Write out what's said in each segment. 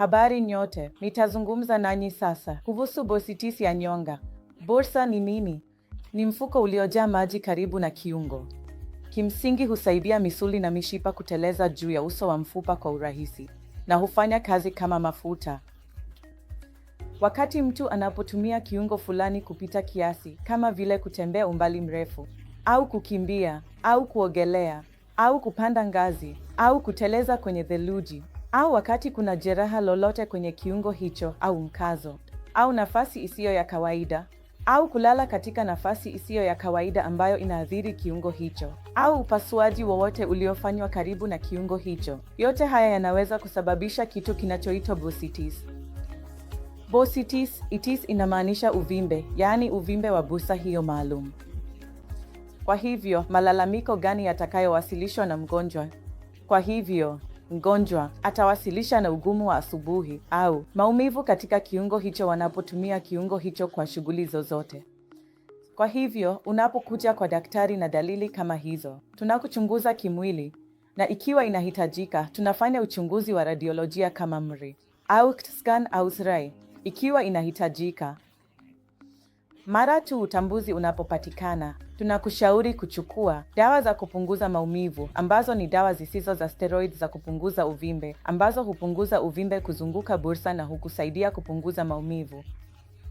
Habari nyote, nitazungumza nanyi sasa kuhusu bositisi ya nyonga. Bursa ni nini? Ni mfuko uliojaa maji karibu na kiungo. Kimsingi husaidia misuli na mishipa kuteleza juu ya uso wa mfupa kwa urahisi na hufanya kazi kama mafuta. Wakati mtu anapotumia kiungo fulani kupita kiasi, kama vile kutembea umbali mrefu au kukimbia au kuogelea au kupanda ngazi au kuteleza kwenye theluji au wakati kuna jeraha lolote kwenye kiungo hicho au mkazo au nafasi isiyo ya kawaida au kulala katika nafasi isiyo ya kawaida ambayo inaathiri kiungo hicho au upasuaji wowote uliofanywa karibu na kiungo hicho. Yote haya yanaweza kusababisha kitu kinachoitwa bursitis. Bursitis itis inamaanisha uvimbe, yaani uvimbe wa busa hiyo maalum. Kwa hivyo, malalamiko gani yatakayowasilishwa na mgonjwa? Kwa hivyo mgonjwa atawasilisha na ugumu wa asubuhi au maumivu katika kiungo hicho wanapotumia kiungo hicho kwa shughuli zozote. Kwa hivyo, unapokuja kwa daktari na dalili kama hizo, tunakuchunguza kimwili na ikiwa inahitajika, tunafanya uchunguzi wa radiolojia kama MRI au CT scan au ikiwa inahitajika. Mara tu utambuzi unapopatikana tunakushauri kuchukua dawa za kupunguza maumivu ambazo ni dawa zisizo za steroid za kupunguza uvimbe ambazo hupunguza uvimbe kuzunguka bursa na hukusaidia kupunguza maumivu.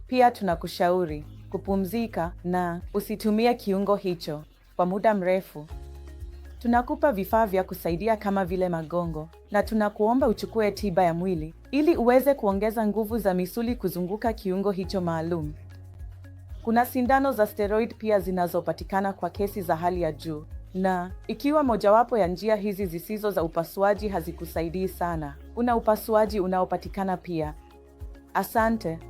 Pia tunakushauri kupumzika na usitumie kiungo hicho kwa muda mrefu. Tunakupa vifaa vya kusaidia kama vile magongo na tunakuomba uchukue tiba ya mwili ili uweze kuongeza nguvu za misuli kuzunguka kiungo hicho maalum. Kuna sindano za steroid pia zinazopatikana kwa kesi za hali ya juu, na ikiwa mojawapo ya njia hizi zisizo za upasuaji hazikusaidii sana, kuna upasuaji unaopatikana pia. Asante.